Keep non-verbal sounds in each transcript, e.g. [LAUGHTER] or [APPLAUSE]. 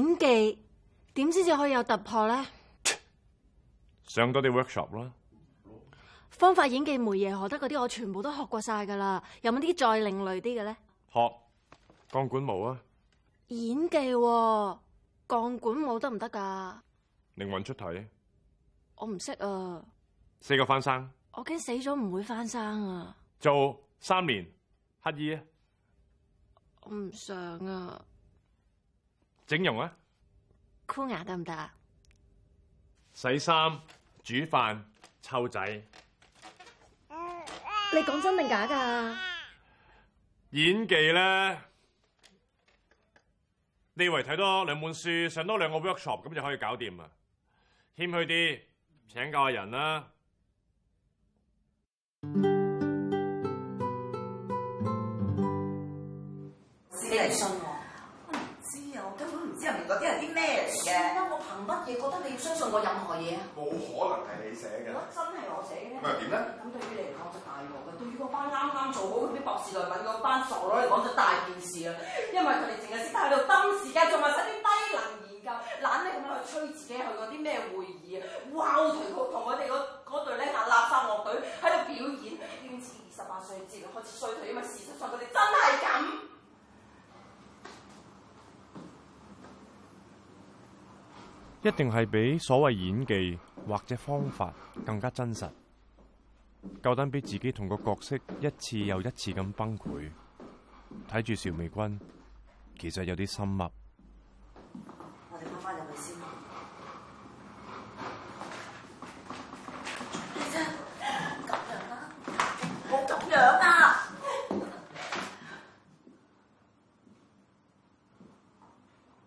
演技點先至可以有突破咧？上多啲 workshop 啦。方法演技梅爺學得嗰啲，我全部都學過晒噶啦。有冇啲再另類啲嘅咧？學鋼管舞啊！演技喎、啊，鋼管舞得唔得噶？靈魂出體？我唔識啊。四個翻生？我驚死咗唔會翻生啊！做三年乞兒啊！我唔想啊！整容啊！箍牙得唔得？洗衫、煮飯、湊仔。你講真定假㗎？演技呢，你以為睇多兩本書，上多兩個 workshop 咁就可以搞掂啊？謙虛啲，請教下人啦、啊。斯麗信我。嗱，啲人啲咩嚟嘅？算啦，我憑乜嘢覺得你要相信我任何嘢啊？冇可能係你寫嘅。如果真係我寫嘅咩？咁啊點咧？咁對於你嚟講就大鑊，對於嗰班啱啱做好嗰啲博士論文嗰班傻佬嚟講就大件事啦。因為佢哋淨係識得喺度登時間，仲話使啲低能研究，懶得咁樣去催自己去嗰啲咩會議啊，out 同同我哋嗰隊咧硬垃圾樂隊喺度表演，標誌二十八歲至開始衰退因為！事實上佢哋真係咁。一定係比所謂演技或者方法更加真實，夠膽俾自己同個角色一次又一次咁崩潰，睇住邵美君，其實有啲深密。我哋翻翻入去先。認真，我夠膽啊！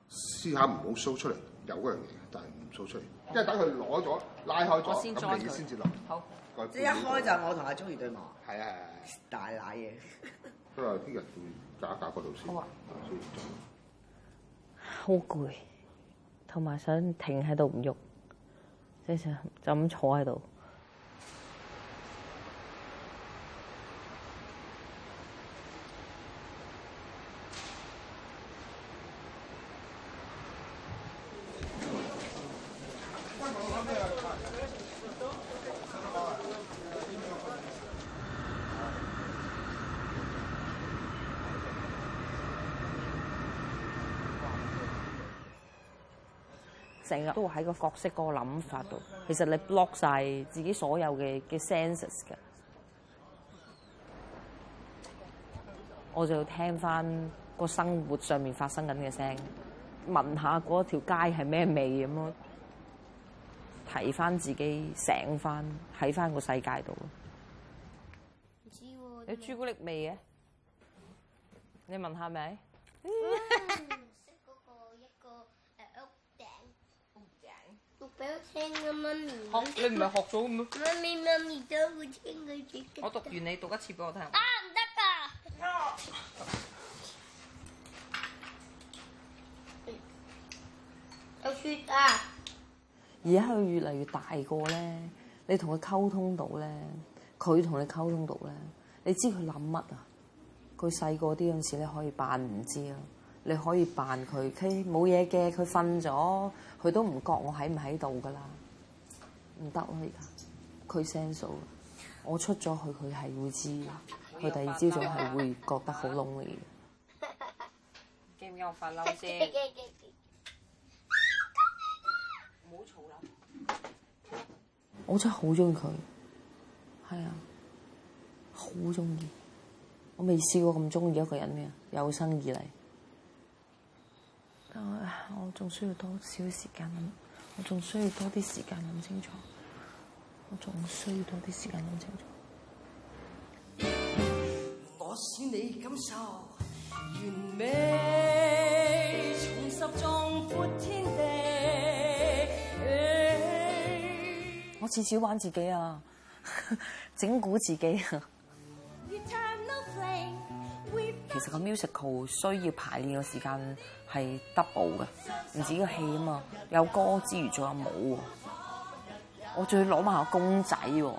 試下唔好 show 出嚟。有嗰樣嘢，但係唔做出嚟，因為等佢攞咗拉開咗，咁嘢先至落。好，即一開就我同阿鐘如對望。係啊，大奶嘢。的 [LAUGHS] 都係聽日會搞一搞嗰度先。好攰，啊，同埋想停喺度唔喐，即係就咁坐喺度。成日都會喺個角色嗰個諗法度，其實你 block 曬自己所有嘅嘅 senses 嘅。我就聽翻個生活上面發生緊嘅聲，聞下嗰條街係咩味咁咯，睇翻自己醒翻喺翻個世界度咯。唔知喎、啊，有朱古力味嘅，你聞下咪？嗯 [LAUGHS] 俾我聽啊，媽咪。你唔係學咗㗎咩？媽咪，媽咪，媽咪都會聽佢啲嘅。我讀完，你讀一次俾我聽。得唔得噶？有、啊啊嗯、雪啊！而家佢越嚟越大個咧，你同佢溝通到咧，佢同你溝通到咧，你知佢諗乜啊？佢細個啲嗰陣時咧，可以扮唔知啊。你可以扮佢，佢冇嘢嘅。佢瞓咗，佢都唔覺我喺唔喺度噶啦。唔得咯，而家佢 sensor，我出咗去了，佢係會知，佢第二朝早係會覺得好 lonely 嘅。 [LAUGHS] 記唔記得我發嬲先？唔好嘈啦！我真係好中意佢，係啊，好中意。我未試過咁中意一個人嘅，有生以嚟。我仲需要多少時間，我仲需要多啲時間諗清楚。我仲需要多啲時間諗清楚。我使你感受完美，重拾壯闊天地。我次次玩自己啊，整蠱自己，啊。其實個 musical 需要排練嘅時間係 double 嘅，唔止個戲啊嘛，有歌之餘仲有舞，我仲要攞埋個公仔喎，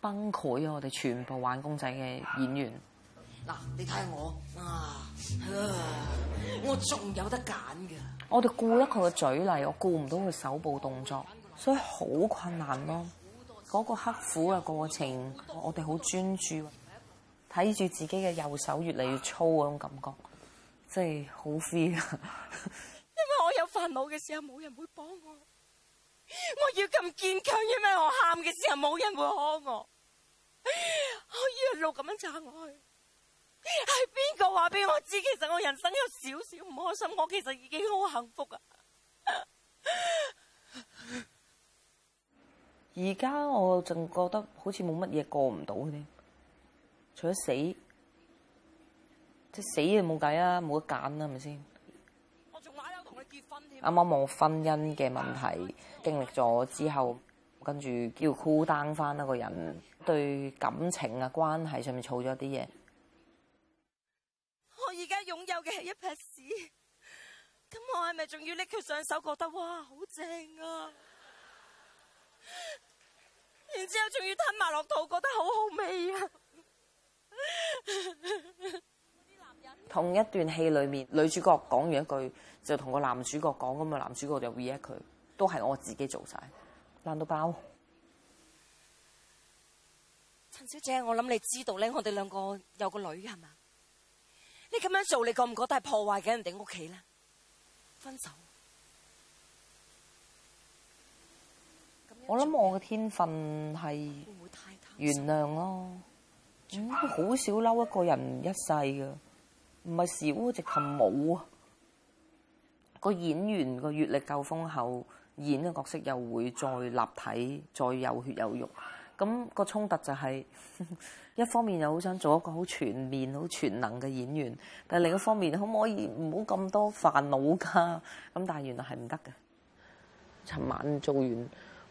崩潰啊！我哋全部玩公仔嘅演員嗱，你睇下我啊，我仲有得揀㗎。我哋顧得佢個嘴嚟，我顧唔到佢手部動作，所以好困難咯。嗰個刻苦嘅過程，我哋好專注。睇住自己嘅右手越嚟越粗嗰種感覺，即係好 free 啊！ [LAUGHS] 因為我有煩惱嘅時候冇人會幫我，我要咁堅強，因為我喊嘅時候冇人會呵我，我要一路咁樣撐我去。係邊個話俾我知？其實我人生有少少唔開心，我其實已經好幸福啊！而 [LAUGHS] 家我仲覺得好似冇乜嘢過唔到呢。除咗死，即係死就冇計啊，冇得揀啦，係咪先？我仲同佢結婚添，啱啱，冇婚姻嘅問題，經歷咗之後，跟住叫孤單，翻一個人對感情啊關係上面儲咗啲嘢。我而家擁有嘅係一撇屎，咁我係咪仲要拎佢上手，覺得哇好正啊？然之後仲要吞埋落肚，覺得好好味啊！ [LAUGHS] 同一段戲裏面，女主角講完一句，就同個男主角講咁啊，男主角就 reject 佢，都係我自己做晒，爛到包。陳小姐，我諗你知道咧，我哋兩個有個女係嘛？你咁樣做，你覺唔覺得係破壞緊人哋屋企呢？分手。我諗我嘅天分係原諒咯。會好、嗯、少嬲一個人一世噶，唔係少，直頭冇啊！個演員個閲歷夠豐厚，演嘅角色又會再立體、再有血有肉。咁、個衝突就係、是、一方面又好想做一個好全面、好全能嘅演員，但係另一方面可唔可以唔好咁多煩惱噶？咁但係原來係唔得嘅。尋晚做完，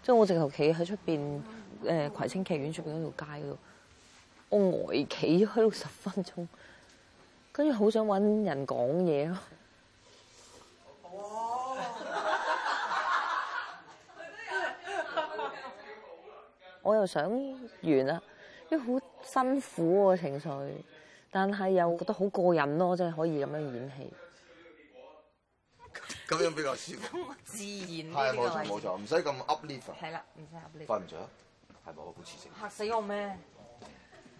即係我直頭企喺出邊誒葵青劇院出邊嗰條街度。我呆企喺度十分鐘，跟住好想搵人講嘢咯。哇 [LAUGHS] 我又想完啦，因為好辛苦個情緒，但係又覺得好過癮咯，即係可以咁樣演戲。咁 [LAUGHS] 樣比較舒服。 [LAUGHS] 自然。係冇錯冇錯，唔使咁 uplift。係啦，唔使 uplift。翻唔上，係咪好黐線？嚇死我咩？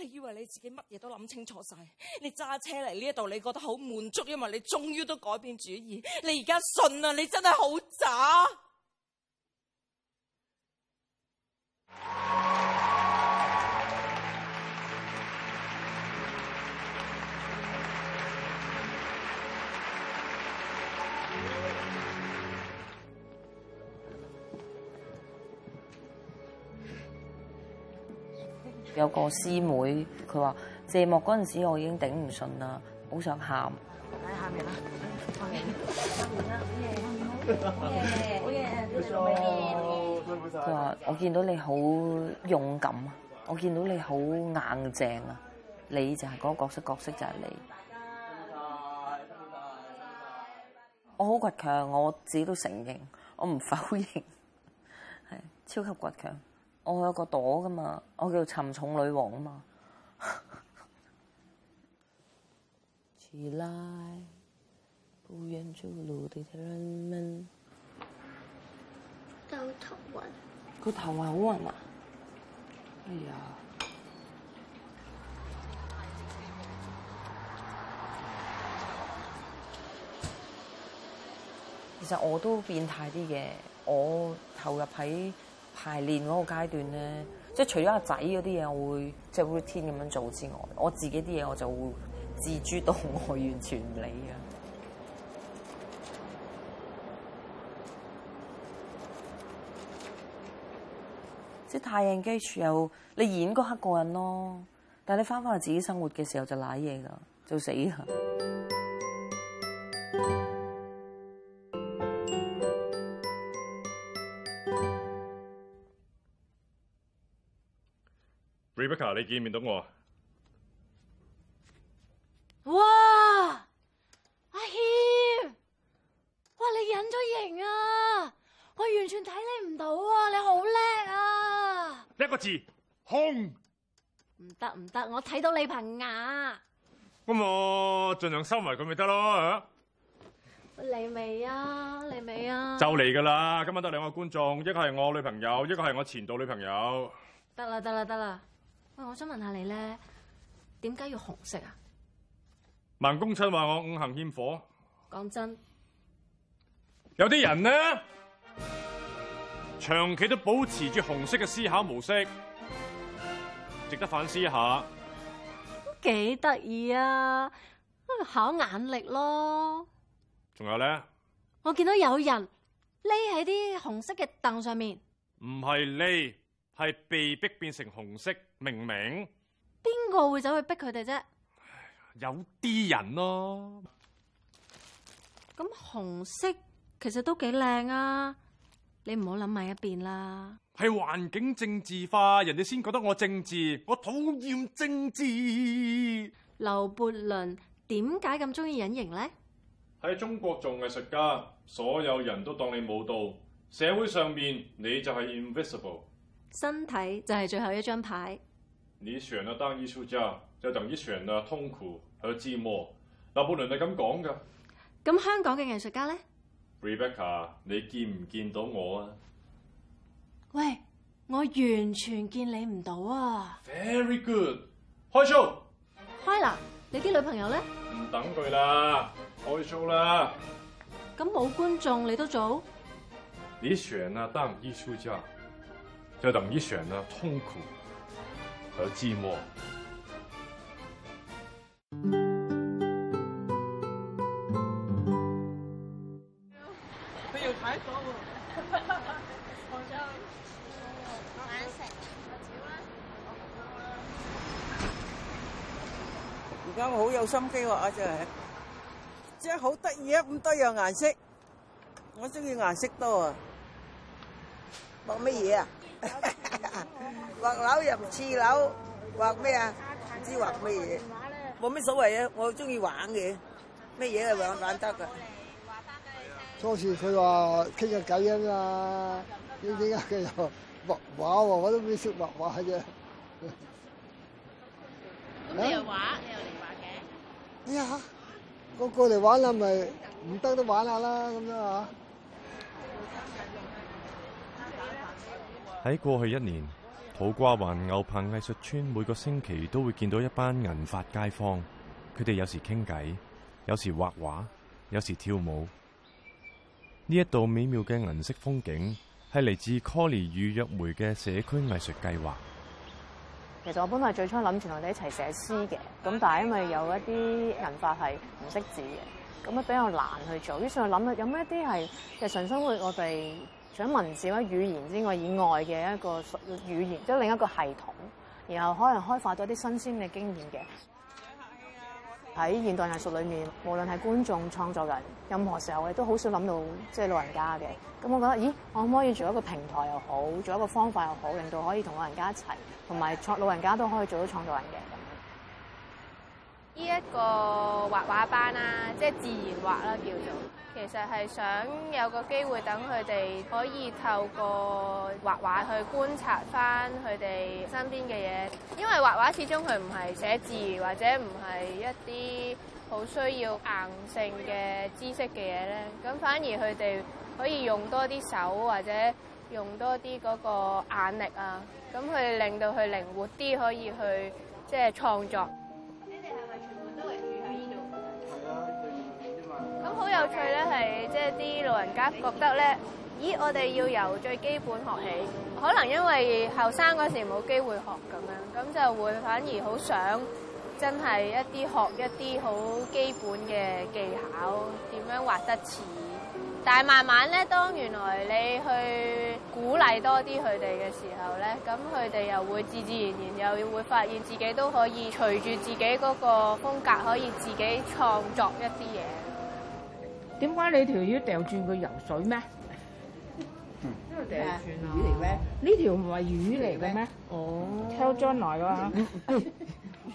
你以為你自己乜嘢都諗清楚晒？你揸車嚟呢度，你覺得好滿足，因為你終於都改變主意。你而家信啊！你真係好渣。有個師妹，佢話謝幕嗰時，我已經頂唔順啦，好想喊。喺下面啦，下面啦，好嘢，好嘢，好嘢，佢話：我見到你好勇敢啊，我見到你好硬正啊，你就係嗰個角色，角色就係你。 [LAUGHS] 我好倔強，我自己都承認，我唔否認，係 [LAUGHS] 超級倔強。我有一個朵㗎嘛，我叫沉重女王啊嘛。個 [LAUGHS] 頭還我係嘛？哎呀！其實我都變態啲嘅，我投入喺。排練嗰個階段咧，即係除咗阿仔嗰啲嘢，我會即係會天咁樣做之外，我自己啲嘢我就會自豬到我，我完全唔理啊！ [LAUGHS] 即係太陽機處有你演個黑個人咯，但係你翻返去自己生活嘅時候就賴嘢噶，就死啊！Bika, 你見唔見到我？哇，阿軒，哇你隱咗形啊！我完全睇你唔到啊！你好叻啊！一個字，空。唔得唔得，我睇到你棚牙。咁我盡量收埋佢咪得咯嚇。嚟未啊？嚟未啊,啊？就嚟噶啦！今晚得兩個觀眾，一個係我女朋友，一個係我前度女朋友。得啦得啦得啦！我想問下你咧，點解要紅色啊？盲公陳話我五行欠火。講真，有啲人呢，長期都保持住紅色嘅思考模式，值得反思一下。幾得意啊！考眼力咯。仲有咧？我見到有人匿喺啲紅色嘅凳上面。唔係匿。係被逼變成紅色，明唔明？邊個會走去逼佢哋啫？有啲人咯、啊。咁紅色其實都幾靚啊！你唔好諗埋一邊啦。係環境政治化，人哋先覺得我政治。我討厭政治。劉勃倫點解咁中意隱形呢？喺中國做藝術家，所有人都當你冇到。社會上面，你就係 invisible。身體就係最後一張牌。你選啦當藝術家，就等於選啦痛苦和寂寞。納本倫係咁講噶？咁香港嘅藝術家咧？Rebecca，你見唔見到我啊？喂，我完全見你唔到啊！Very good，開 show。開啦！你啲女朋友咧？唔等佢啦，開 show 啦。咁冇觀眾你都做？你選啦當藝術家。就等於選了痛苦和寂寞。你要睇到，哈哈哈哈哈！我將我顏色，而家我好有心機喎，阿姐，即係好得意啊！咁多樣顏色，我中意顏色多啊，畫乜嘢啊？畫樓又唔似樓，畫咩啊？唔知畫咩嘢，冇咩所謂啊！我中意玩嘅，咩嘢啊玩玩得噶。初時佢話傾下偈啊嘛，點點啊佢又畫畫喎，我都唔識畫畫啫。你又畫，你又嚟畫嘅？哎呀，個個嚟玩啦，咪唔得都玩下啦，咁樣啊？喺過去一年，土瓜灣牛棚藝術村每個星期都會見到一班銀髮街坊，佢哋有時傾偈，有時畫畫，有時跳舞。呢一道美妙嘅銀色風景係嚟自科尼與約梅嘅社區藝術計劃。其實我本來最初諗住同佢哋一齊寫詩嘅，咁但係因為有一啲銀髮係唔識字嘅，咁啊比較難去做，於是諗有咩一啲係日常生活我哋。除咗文字或語言之外以外嘅一個語言，即係另一個系統，然後可能開發咗啲新鮮嘅經驗嘅。喺現代藝術裏面，無論係觀眾、創作人，任何時候我哋都好少諗到即係老人家嘅。咁我覺得，咦，我可唔可以做一個平台又好，做一個方法又好，令到可以同老人家一齊，同埋老人家都可以做到創作人嘅咁樣。呢一個畫畫班啦，即係自然畫啦，叫做。其實係想有個機會，等佢哋可以透過畫畫去觀察翻佢哋身邊嘅嘢，因為畫畫始終佢唔係寫字，或者唔係一啲好需要硬性嘅知識嘅嘢咧。咁反而佢哋可以用多啲手，或者用多啲嗰個眼力啊，咁佢令到佢靈活啲，可以去即係創作。好有趣咧，係即係啲老人家覺得咧，咦，我哋要由最基本學起，可能因為後生嗰時冇機會學，咁樣咁就會反而好想真係一啲學一啲好基本嘅技巧，點樣畫得似。但係慢慢咧，當原來你去鼓勵多啲佢哋嘅時候咧，咁佢哋又會自自然然又會發現自己都可以隨住自己嗰個風格，可以自己創作一啲嘢。點解你條魚掉轉佢游水咩？因為掉轉啊！魚嚟咩？呢條唔係魚嚟嘅咩？哦，偷裝來嘅啊！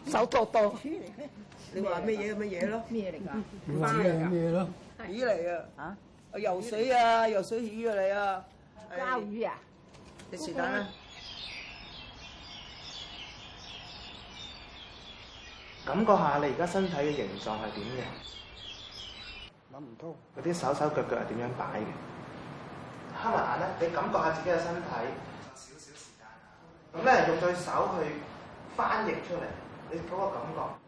手托刀。魚嚟嘅，你話咩嘢咩嘢咯？咩嘢嚟㗎？魚嚟㗎？魚嚟㗎。嚇！啊，游水啊，游水魚啊，你啊！鮭魚啊？食蛇蛋啦！感覺下你而家身體嘅形狀係點嘅？諗唔通嗰啲手手腳腳係點樣擺嘅？開埋眼咧，你感覺一下自己嘅身體有少少時間。啊，咁咧用對手去翻譯出嚟，你、那、嗰個感覺。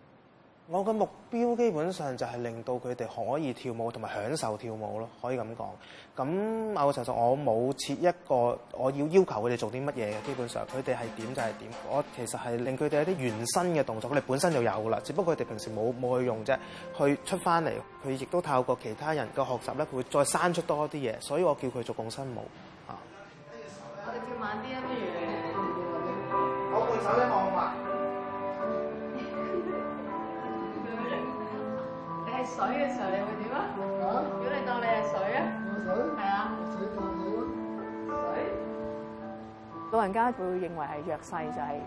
我嘅目標基本上就係令到佢哋可以跳舞同埋享受跳舞咯，可以咁講。咁某個程度我冇設一個我要要求佢哋做啲乜嘢嘅，基本上佢哋係點就係點。我其實係令佢哋有啲原生嘅動作，佢哋本身就有啦，只不過佢哋平時冇冇去用啫。去出翻嚟，佢亦都透過其他人嘅學習咧，佢會再生出多啲嘢。所以我叫佢做共生舞。啊！我哋跳慢啲，不如我舉手一望下。水嘅時候你會點啊？如果你當你係水啊？水？係啊。水水。老人家會認為係弱勢，就係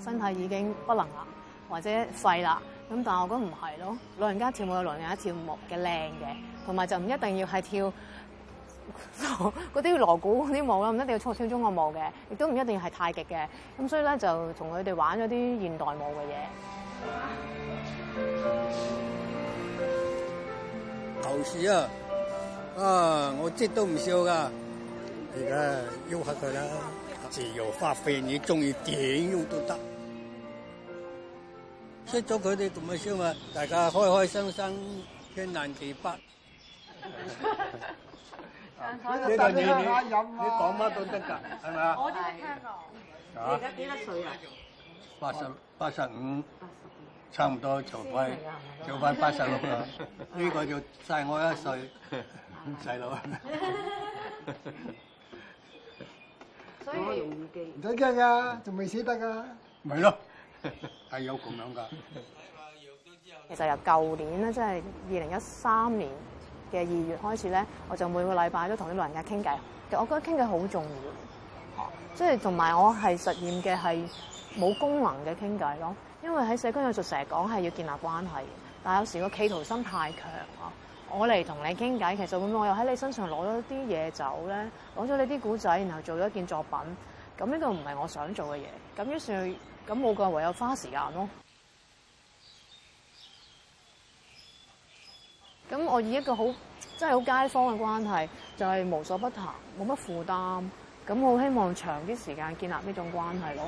身體已經不能啦，或者廢啦。咁但我覺得唔係咯。老人家跳舞有樂，有老人家跳舞嘅靚嘅，同埋就唔一定要係跳嗰啲鑼鼓嗰啲舞啦，唔一定要初跳中國舞嘅，亦都唔一定要係太極嘅。咁所以咧就同佢哋玩咗啲現代舞嘅嘢。冇事啊，啊，我即都唔笑噶，而家喐下佢啦，自由發揮，你中意點喐都得。識咗佢哋咁嘅少嘛，大家開開心心天南地北。你你你你講乜都得噶，係咪啊？我聽到。而家幾多歲啊？八十八十五。啊差唔多做翻做翻八十六啦，呢 [LAUGHS] 個就細我一歲細佬。 [LAUGHS] 孩子 [LAUGHS] 所以唔使驚㗎，仲未死得㗎，啊。咪 [LAUGHS] 咯，係有咁樣㗎。其實由舊年咧，即係二零一三年嘅二月開始咧，我就每個禮拜都同啲老人家傾偈。我覺得傾偈好重要。即係同埋我係實驗嘅係冇功能嘅傾偈咯。因為喺社區藝術成日講係要建立關係，但有時個企圖心太強咯。我嚟同你傾偈，其實會唔會我又喺你身上攞咗啲嘢走咧？攞咗你啲古仔，然後做咗一件作品，咁呢個唔係我想做嘅嘢。咁於算，咁我個唯有花時間咯。咁我以一個好真係好街坊嘅關係，就係無所不談，冇乜負擔。咁我希望長啲時間建立呢種關係咯。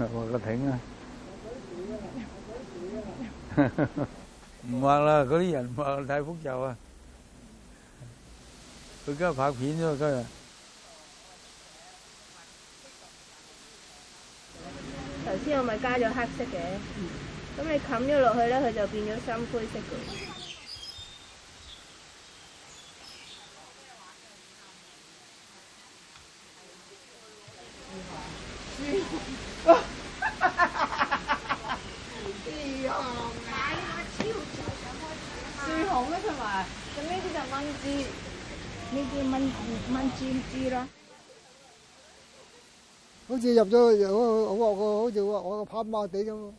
我覺得點啊？我覺得嗰啲人話太複雜啊！佢家下拍片都係。頭先我咪加咗黑色嘅，咁你冚咗落去咧，佢就變咗深灰色㗎。蚊尖尖咯，好似入咗去，好，好惡㗎，好似我，我個拍馬地咁，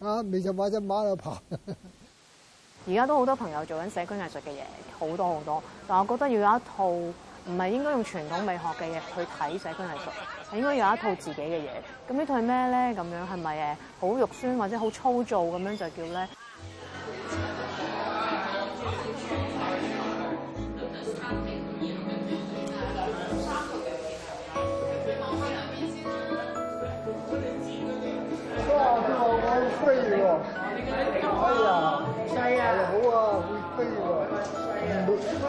啊，未就買隻馬又爬。而家 [LAUGHS] 都好多朋友做緊社區藝術嘅嘢，好多好多，但我覺得要有一套，唔係應該用傳統美學嘅嘢去睇社區藝術，係應該要有一套自己嘅嘢。咁呢套係咩咧？咁樣係咪誒，好肉酸或者好粗糙咁樣就叫咧？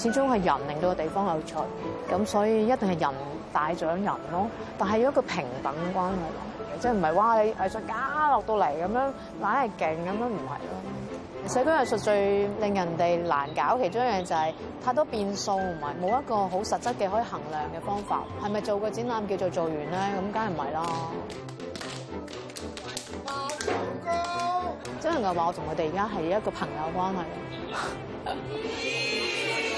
始終係人令到個地方有趣，咁所以一定係人帶上人咯。但係要一個平等關係嚟嘅，即係唔係話你藝術家落到嚟咁樣懶係勁咁樣唔係咯。社區藝術最令人哋難搞，其中一樣就係太多變數，唔係冇一個好實質嘅可以衡量嘅方法。係咪做個展覽叫做做完咧？咁梗係唔係啦？Go g 能夠話我同佢哋而家係一個朋友關係。 [LAUGHS]